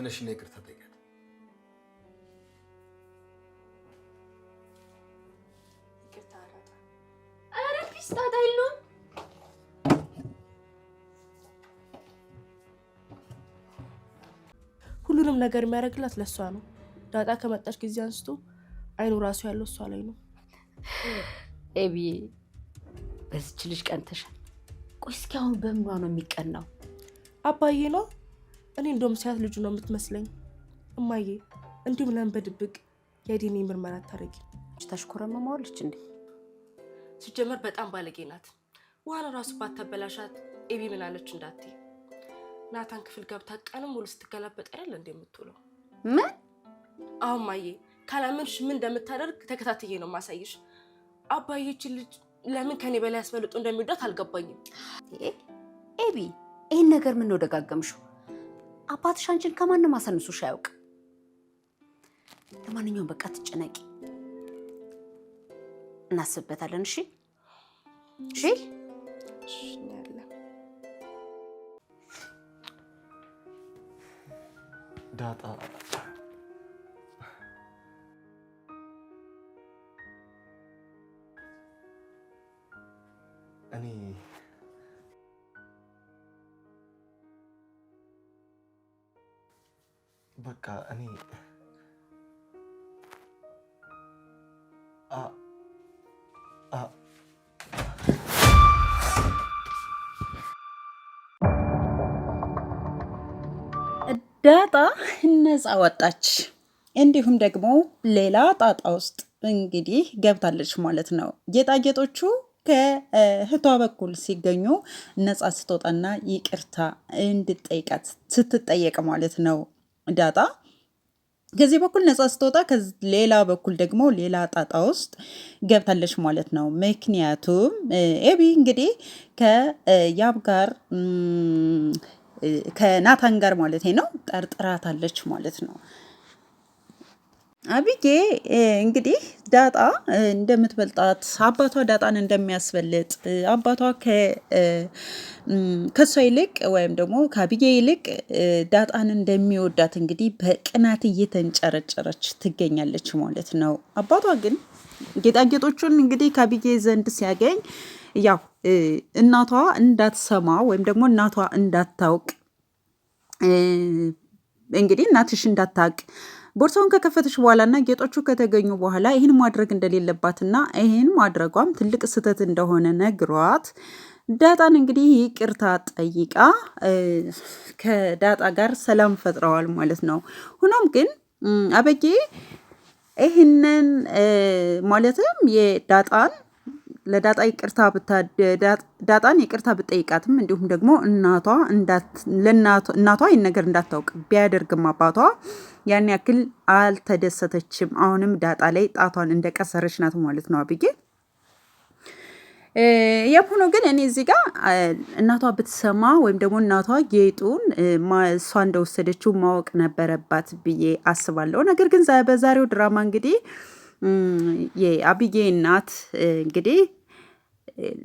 ተነሽና ይቅርታ ጠይቃት። ሁሉንም ነገር የሚያደርግላት ለእሷ ነው። ዳጣ ከመጣች ጊዜ አንስቶ አይኑ ራሱ ያለው እሷ ላይ ነው። ኤቢ በዚች ልጅ ቀንተሻል። ቆይ እስኪ አሁን በምኗ ነው የሚቀናው? አባዬ ነው እኔ እንደውም ሲያት ልጁ ነው የምትመስለኝ። እማዬ እንዲሁም ለምን በድብቅ የዲኔ ምርመራ ታደረጊ? ታሽኮረመማዋለች እንዴ? ሲጀመር በጣም ባለጌ ናት። ዋና ራሱ ባታበላሻት ኤቢ ምናለች እንዳቴ ናታን ክፍል ገብታ ቀንም ሙሉ ስትገላበጥ አይደል እንደ የምትውለው። ምን አሁን ማዬ ካላመንሽ ምን እንደምታደርግ ተከታትዬ ነው ማሳይሽ። አባዬችን ልጅ ለምን ከኔ በላይ ያስበልጡ እንደሚወዳት አልገባኝም። ኤቢ ይህን ነገር ምን ነው ደጋገምሽው? አባትሽ አንቺን ከማንም አሳንሶሽ አያውቅ። ለማንኛውም በቃ ትጨነቂ፣ እናስብበታለን። እሺ እሺ። ዳጣ እኔ በቃ እኔ ዳጣ ነፃ ወጣች። እንዲሁም ደግሞ ሌላ ጣጣ ውስጥ እንግዲህ ገብታለች ማለት ነው። ጌጣጌጦቹ ከእህቷ በኩል ሲገኙ ነፃ ስትወጣና ይቅርታ እንድጠይቃት ስትጠየቅ ማለት ነው። ዳጣ ከዚህ በኩል ነጻ ስትወጣ ሌላ በኩል ደግሞ ሌላ ጣጣ ውስጥ ገብታለች ማለት ነው። ምክንያቱም ኤቢ እንግዲህ ከያብ ጋር ከናታን ጋር ማለት ነው ጠርጥራታለች ማለት ነው። አብዬ እንግዲህ ዳጣ እንደምትበልጣት አባቷ ዳጣን እንደሚያስበልጥ አባቷ ከእሷ ይልቅ ወይም ደግሞ ከአብዬ ይልቅ ዳጣን እንደሚወዳት እንግዲህ በቅናት እየተንጨረጨረች ትገኛለች ማለት ነው። አባቷ ግን ጌጣጌጦቹን እንግዲህ ከአብዬ ዘንድ ሲያገኝ ያው እናቷ እንዳትሰማ ወይም ደግሞ እናቷ እንዳታውቅ እንግዲህ እናትሽ እንዳታውቅ ቦርሳውን ከከፈተች በኋላና ጌጦቹ ከተገኙ በኋላ ይህን ማድረግ እንደሌለባትና ይህን ማድረጓም ትልቅ ስህተት እንደሆነ ነግሯት ዳጣን እንግዲህ ይቅርታ ጠይቃ ከዳጣ ጋር ሰላም ፈጥረዋል ማለት ነው። ሆኖም ግን አበጌ ይህንን ማለትም የዳጣን ለዳጣ ይቅርታ ዳጣን ይቅርታ ብጠይቃትም እንዲሁም ደግሞ እናቷ እናቷ ይህን ነገር እንዳታውቅ ቢያደርግም አባቷ ያን ያክል አልተደሰተችም። አሁንም ዳጣ ላይ ጣቷን እንደቀሰረች ናት ማለት ነው አብዬ። የሆኖ ግን እኔ እዚህ ጋር እናቷ ብትሰማ ወይም ደግሞ እናቷ ጌጡን እሷ እንደወሰደችው ማወቅ ነበረባት ብዬ አስባለሁ። ነገር ግን በዛሬው ድራማ እንግዲህ የአብዬ እናት እንግዲህ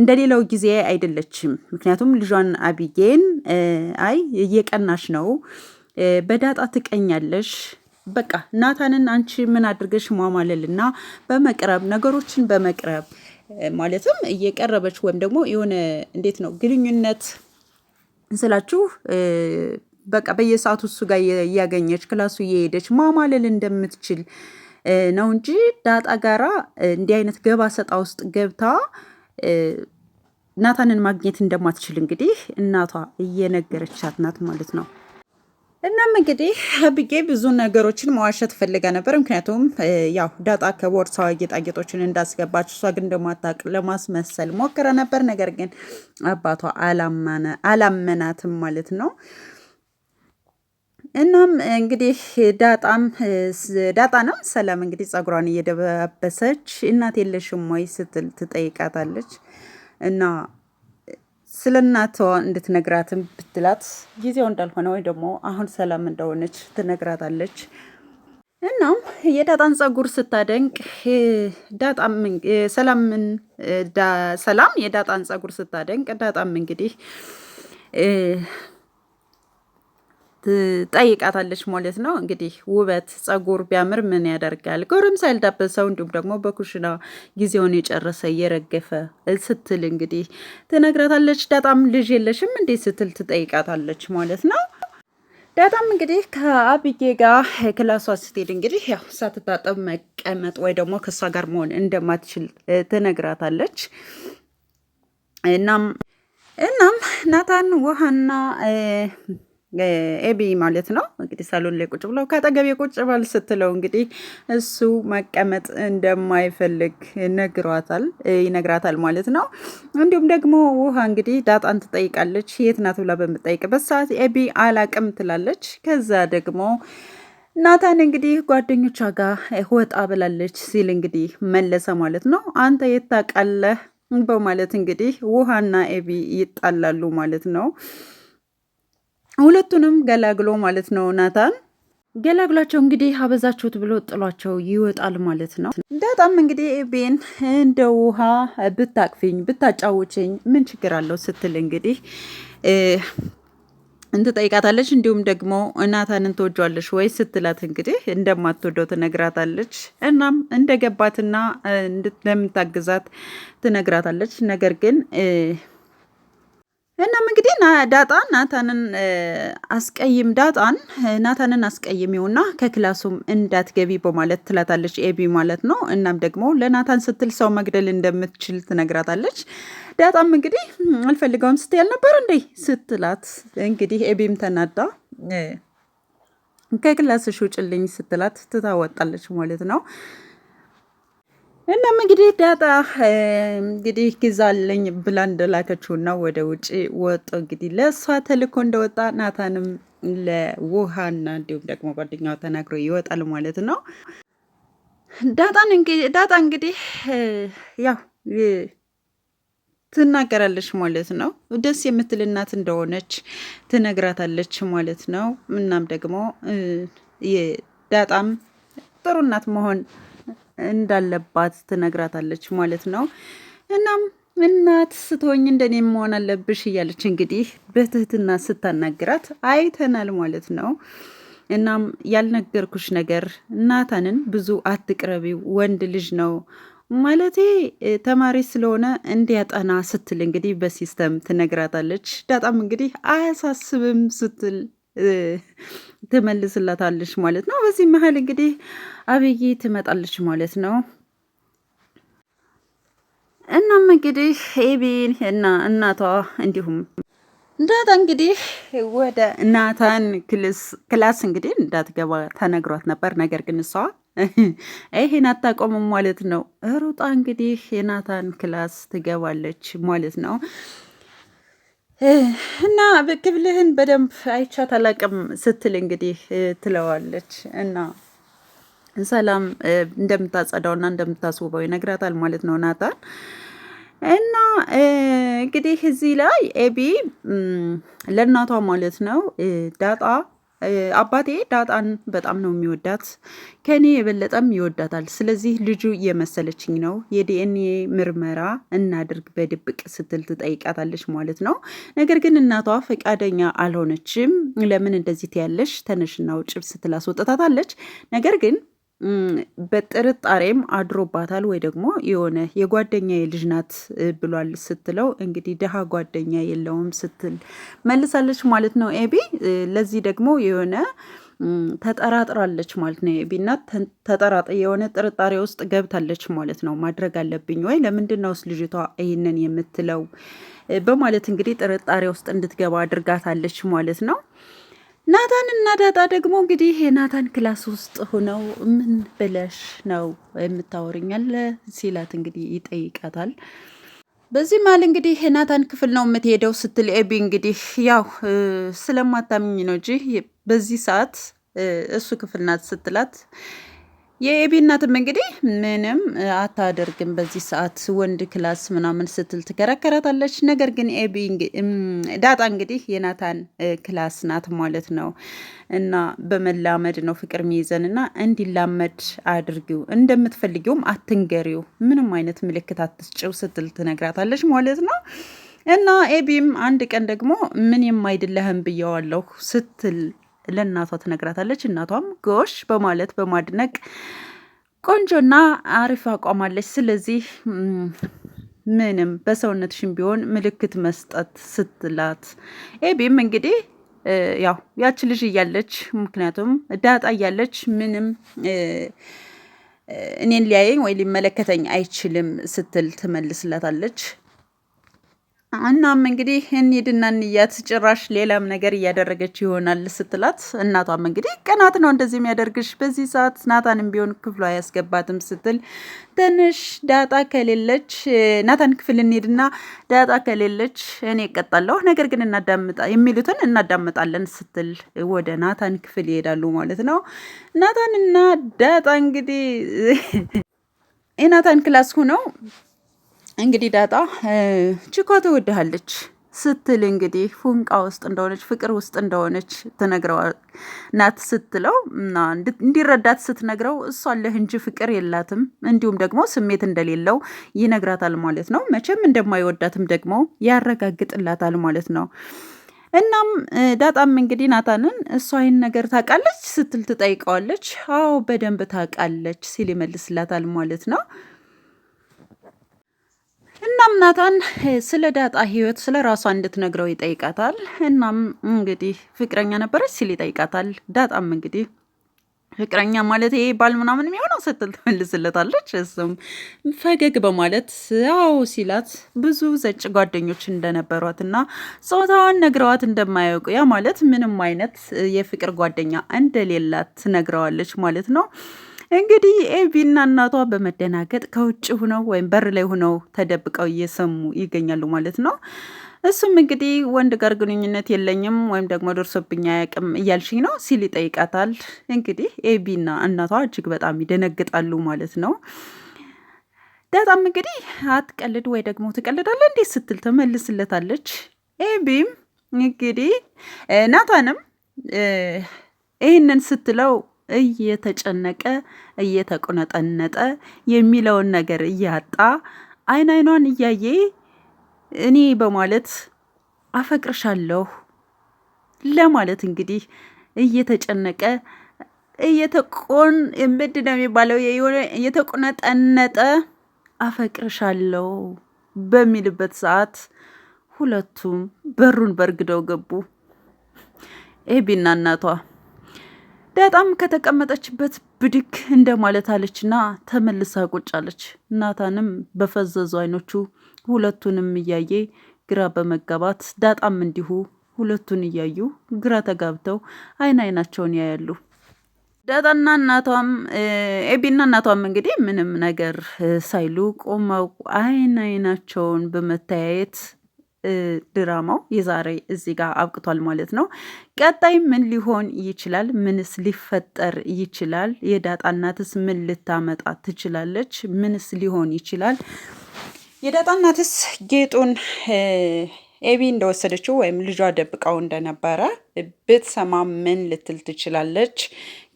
እንደሌላው ጊዜ አይደለችም። ምክንያቱም ልጇን አብዬን አይ እየቀናሽ ነው፣ በዳጣ ትቀኛለሽ በቃ ናታንን አንቺ ምን አድርገሽ ማማለል በመቅረብ ነገሮችን በመቅረብ ማለትም እየቀረበች ወይም ደግሞ የሆነ እንዴት ነው ግንኙነት ስላችሁ በቃ በየሰዓቱ እሱ ጋር እያገኘች ክላሱ እየሄደች ማማለል እንደምትችል ነው እንጂ ዳጣ ጋራ እንዲህ አይነት ገባ ሰጣ ውስጥ ገብታ ናታንን ማግኘት እንደማትችል እንግዲህ እናቷ እየነገረቻት ናት ማለት ነው። እናም እንግዲህ አብጌ ብዙ ነገሮችን መዋሸት ፈልጋ ነበር። ምክንያቱም ያው ዳጣ ከቦርሳዋ ጌጣጌጦችን እንዳስገባች እሷ ግን እንደማታውቅ ለማስመሰል ሞክረ ነበር። ነገር ግን አባቷ አላመናትም ማለት ነው። እናም እንግዲህ ዳጣም ነው ሰላም እንግዲህ ጸጉሯን እየደባበሰች እናት የለሽም ወይ ስትል ትጠይቃታለች። እና ስለ እናቷ እንድትነግራትም ብትላት ጊዜው እንዳልሆነ ወይ ደግሞ አሁን ሰላም እንደሆነች ትነግራታለች። እናም የዳጣን ጸጉር ስታደንቅ ዳጣም ሰላምን ሰላም የዳጣን ጸጉር ስታደንቅ ዳጣም እንግዲህ ትጠይቃታለች ማለት ነው። እንግዲህ ውበት ጸጉር ቢያምር ምን ያደርጋል ጎረምሳ ሰው እንዲሁም ደግሞ በኩሽና ጊዜውን የጨረሰ እየረገፈ ስትል እንግዲህ ትነግራታለች። ዳጣም ልጅ የለሽም እንዴት ስትል ትጠይቃታለች ማለት ነው። ዳጣም እንግዲህ ከአብዬ ጋር ክላሷ ስትሄድ እንግዲህ ያው ሳትታጠብ መቀመጥ ወይ ደግሞ ከእሷ ጋር መሆን እንደማትችል ትነግራታለች። እናም እናም ናታን ውሃና ኤቢ ማለት ነው እንግዲህ ሳሎን ላይ ቁጭ ብለው ከአጠገቤ ቁጭ በል ስትለው እንግዲህ እሱ መቀመጥ እንደማይፈልግ ነግሯታል ይነግራታል ማለት ነው። እንዲሁም ደግሞ ውሃ እንግዲህ ዳጣን ትጠይቃለች። የት ናት ብላ በምጠይቅበት ሰዓት ኤቢ አላቅም ትላለች። ከዛ ደግሞ ናታን እንግዲህ ጓደኞቿ ጋር ወጣ ብላለች ሲል እንግዲህ መለሰ ማለት ነው። አንተ የት ታውቃለህ በማለት እንግዲህ ውሃና ኤቢ ይጣላሉ ማለት ነው። ሁለቱንም ገላግሎ ማለት ነው ናታን ገላግሏቸው እንግዲህ አበዛችሁት ብሎ ጥሏቸው ይወጣል ማለት ነው። በጣም እንግዲህ ቤን እንደ ውሃ ብታቅፊኝ ብታጫውችኝ ምን ችግር አለው ስትል እንግዲህ እንትጠይቃታለች። እንዲሁም ደግሞ ናታንን ትወጇለች ወይ ስትላት እንግዲህ እንደማትወደው ትነግራታለች። እናም እንደገባትና እንደምታግዛት ትነግራታለች። ነገር ግን እናም እንግዲህ ዳጣ ናታንን አስቀይም ዳጣን ናታንን አስቀይሚውና ከክላሱም እንዳትገቢ በማለት ትላታለች፣ ኤቢ ማለት ነው። እናም ደግሞ ለናታን ስትል ሰው መግደል እንደምትችል ትነግራታለች። ዳጣም እንግዲህ አልፈልገውም ስትያል ነበር እንዴ ስትላት እንግዲህ ኤቢም ተናዳ ከክላስሽ ውጭልኝ ስትላት ትታወጣለች ማለት ነው። እናም እንግዲህ ዳጣ እንግዲህ ግዛለኝ ብላ እንደላከችውና ወደ ውጭ ወጦ እንግዲህ ለእሷ ተልኮ እንደወጣ ናታንም ለውሃና እንዲሁም ደግሞ ጓደኛው ተናግሮ ይወጣል ማለት ነው። ዳጣን ዳጣ እንግዲህ ያው ትናገራለች ማለት ነው። ደስ የምትል እናት እንደሆነች ትነግራታለች ማለት ነው። እናም ደግሞ ዳጣም ጥሩ እናት መሆን እንዳለባት ትነግራታለች ማለት ነው። እናም እናት ስትሆኝ እንደኔ መሆን አለብሽ እያለች እንግዲህ በትህትና ስታናግራት አይተናል ማለት ነው። እናም ያልነገርኩሽ ነገር ናታንን ብዙ አትቅረቢው፣ ወንድ ልጅ ነው ማለቴ ተማሪ ስለሆነ እንዲያጠና ስትል እንግዲህ በሲስተም ትነግራታለች። ዳጣም እንግዲህ አያሳስብም ስትል ትመልስላታለች ማለት ነው። በዚህ መሀል እንግዲህ አብይ ትመጣለች ማለት ነው። እናም እንግዲህ ኤቢን እና እናቷ እንዲሁም እንዳታ እንግዲህ ወደ ናታን ክላስ እንግዲህ እንዳትገባ ተነግሯት ነበር። ነገር ግን እሷ ይሄን አታቆምም ማለት ነው። ሩጣ እንግዲህ የናታን ክላስ ትገባለች ማለት ነው። እና ክብልህን በደንብ አይቻ ታላቅም ስትል እንግዲህ ትለዋለች እና ሰላም እንደምታጸዳውና እንደምታስውበው ይነግራታል ማለት ነው ናታን። እና እንግዲህ እዚህ ላይ ኤቢ ለእናቷ ማለት ነው ዳጣ አባቴ ዳጣን በጣም ነው የሚወዳት፣ ከእኔ የበለጠም ይወዳታል። ስለዚህ ልጁ እየመሰለችኝ ነው፣ የዲኤንኤ ምርመራ እናድርግ በድብቅ ስትል ትጠይቃታለች ማለት ነው። ነገር ግን እናቷ ፈቃደኛ አልሆነችም። ለምን እንደዚህ ትያለሽ? ተነሽና ውጭ ስትል አስወጥታታለች። ነገር ግን በጥርጣሬም አድሮባታል ወይ ደግሞ የሆነ የጓደኛ የልጅ ናት ብሏል ስትለው እንግዲህ ድሃ ጓደኛ የለውም ስትል መልሳለች ማለት ነው ኤቢ። ለዚህ ደግሞ የሆነ ተጠራጥራለች ማለት ነው ኤቢ እና ተጠራጥ የሆነ ጥርጣሬ ውስጥ ገብታለች ማለት ነው። ማድረግ አለብኝ ወይ ለምንድን ልጅቷ ይህንን የምትለው በማለት እንግዲህ ጥርጣሬ ውስጥ እንድትገባ አድርጋታለች ማለት ነው። ናታን እና ዳጣ ደግሞ እንግዲህ ናታን ክላስ ውስጥ ሆነው ምን ብለሽ ነው የምታወርኛል ሲላት እንግዲህ ይጠይቃታል። በዚህ መሀል እንግዲህ ናታን ክፍል ነው የምትሄደው ስትል ኤቢ እንግዲህ ያው ስለማታምኝ ነው እንጂ በዚህ ሰዓት እሱ ክፍል ናት ስትላት የኤቢ እናትም እንግዲህ ምንም አታደርግም። በዚህ ሰዓት ወንድ ክላስ ምናምን ስትል ትከረከራታለች። ነገር ግን ኤቢ ዳጣ እንግዲህ የናታን ክላስ ናት ማለት ነው እና በመላመድ ነው ፍቅር ሚይዘን እና እንዲላመድ አድርጊው፣ እንደምትፈልጊውም አትንገሪው፣ ምንም አይነት ምልክት አትስጭው ስትል ትነግራታለች ማለት ነው እና ኤቢም አንድ ቀን ደግሞ ምን የማይድለህም ብየዋለሁ ስትል ለእናቷ ትነግራታለች። እናቷም ጎሽ በማለት በማድነቅ ቆንጆና አሪፍ አቋማለች ስለዚህ ምንም በሰውነትሽም ቢሆን ምልክት መስጠት ስትላት ኤቢም እንግዲህ ያው ያች ልጅ እያለች ምክንያቱም ዳጣ እያለች ምንም እኔን ሊያየኝ ወይ ሊመለከተኝ አይችልም ስትል ትመልስላታለች። እናም እንግዲህ እንሂድና እንያት ጭራሽ ሌላም ነገር እያደረገች ይሆናል ስትላት፣ እናቷም እንግዲህ ቅናት ነው እንደዚህ የሚያደርግሽ በዚህ ሰዓት ናታንም ቢሆን ክፍሉ አያስገባትም ስትል፣ ትንሽ ዳጣ ከሌለች ናታን ክፍል እንሂድና ዳጣ ከሌለች እኔ እቀጣለሁ፣ ነገር ግን እናዳምጣ የሚሉትን እናዳምጣለን ስትል ወደ ናታን ክፍል ይሄዳሉ ማለት ነው። ናታንና ዳጣ እንግዲህ የናታን ክላስ ሁነው እንግዲህ ዳጣ ችኮ ትወድሃለች ስትል እንግዲህ ፉንቃ ውስጥ እንደሆነች ፍቅር ውስጥ እንደሆነች ትነግረዋል ናት ስትለው እና እንዲረዳት ስትነግረው እሷ አለህ እንጂ ፍቅር የላትም እንዲሁም ደግሞ ስሜት እንደሌለው ይነግራታል ማለት ነው። መቼም እንደማይወዳትም ደግሞ ያረጋግጥላታል ማለት ነው። እናም ዳጣም እንግዲህ ናታንን እሷ ይህን ነገር ታውቃለች ስትል ትጠይቀዋለች። አዎ በደንብ ታውቃለች ሲል ይመልስላታል ማለት ነው። እናም ናታን ስለ ዳጣ ህይወት ስለ ራሷ እንድትነግረው ይጠይቃታል። እናም እንግዲህ ፍቅረኛ ነበረች ሲል ይጠይቃታል። ዳጣም እንግዲህ ፍቅረኛ ማለት ይሄ ባል ምናምን የሚሆነው ስትል ትመልስለታለች። እሱም ፈገግ በማለት አዎ ሲላት ብዙ ዘጭ ጓደኞች እንደነበሯት እና ጾታዋን ነግረዋት እንደማያውቁ ያ ማለት ምንም አይነት የፍቅር ጓደኛ እንደሌላት ትነግረዋለች ማለት ነው። እንግዲህ ኤቢና እናቷ በመደናገጥ ከውጭ ሁነው ወይም በር ላይ ሁነው ተደብቀው እየሰሙ ይገኛሉ ማለት ነው። እሱም እንግዲህ ወንድ ጋር ግንኙነት የለኝም ወይም ደግሞ ደርሶብኝ አያውቅም እያልሽኝ ነው ሲል ይጠይቃታል። እንግዲህ ኤቢና እናቷ እጅግ በጣም ይደነግጣሉ ማለት ነው። ዳጣም እንግዲህ አትቀልድ ወይ ደግሞ ትቀልዳለህ እንዴት ስትል ተመልስለታለች። ኤቢም እንግዲህ ናታንም ይህንን ስትለው እየተጨነቀ እየተቆነጠነጠ የሚለውን ነገር እያጣ አይን አይኗን እያየ እኔ በማለት አፈቅርሻለሁ ለማለት እንግዲህ እየተጨነቀ እየተቆን ምንድን ነው የሚባለው የሆነ እየተቆነጠነጠ አፈቅርሻለሁ በሚልበት ሰዓት ሁለቱም በሩን በርግደው ገቡ። ኤቢና እናቷ ዳጣም ከተቀመጠችበት ብድግ እንደማለት አለችና ተመልሳ ቁጫለች። ናታንም በፈዘዙ አይኖቹ ሁለቱንም እያየ ግራ በመጋባት ዳጣም እንዲሁ ሁለቱን እያዩ ግራ ተጋብተው አይን አይናቸውን ያያሉ። ዳጣና እናቷም ኤቢና እናቷም እንግዲህ ምንም ነገር ሳይሉ ቆመው አይን አይናቸውን በመተያየት ድራማው የዛሬ እዚህ ጋር አብቅቷል ማለት ነው። ቀጣይ ምን ሊሆን ይችላል? ምንስ ሊፈጠር ይችላል? የዳጣ እናትስ ምን ልታመጣ ትችላለች? ምንስ ሊሆን ይችላል? የዳጣ እናትስ ጌጡን ኤቢ እንደወሰደችው ወይም ልጇ ደብቃው እንደነበረ ብትሰማ ምን ልትል ትችላለች?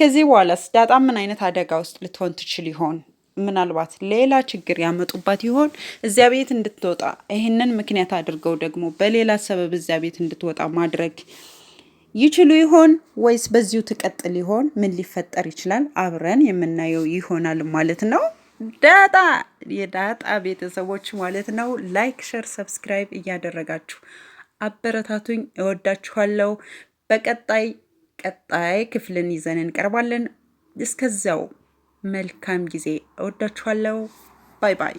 ከዚህ በኋላስ ዳጣ ምን አይነት አደጋ ውስጥ ልትሆን ትችል ይሆን? ምናልባት ሌላ ችግር ያመጡባት ይሆን? እዚያ ቤት እንድትወጣ ይህንን ምክንያት አድርገው ደግሞ በሌላ ሰበብ እዚያ ቤት እንድትወጣ ማድረግ ይችሉ ይሆን ወይስ በዚሁ ትቀጥል ይሆን? ምን ሊፈጠር ይችላል? አብረን የምናየው ይሆናል ማለት ነው። ዳጣ የዳጣ ቤተሰቦች ማለት ነው። ላይክ፣ ሸር፣ ሰብስክራይብ እያደረጋችሁ አበረታቱኝ። እወዳችኋለሁ። በቀጣይ ቀጣይ ክፍልን ይዘን እንቀርባለን። እስከዚያው መልካም ጊዜ። እወዳችኋለሁ። ባይ ባይ።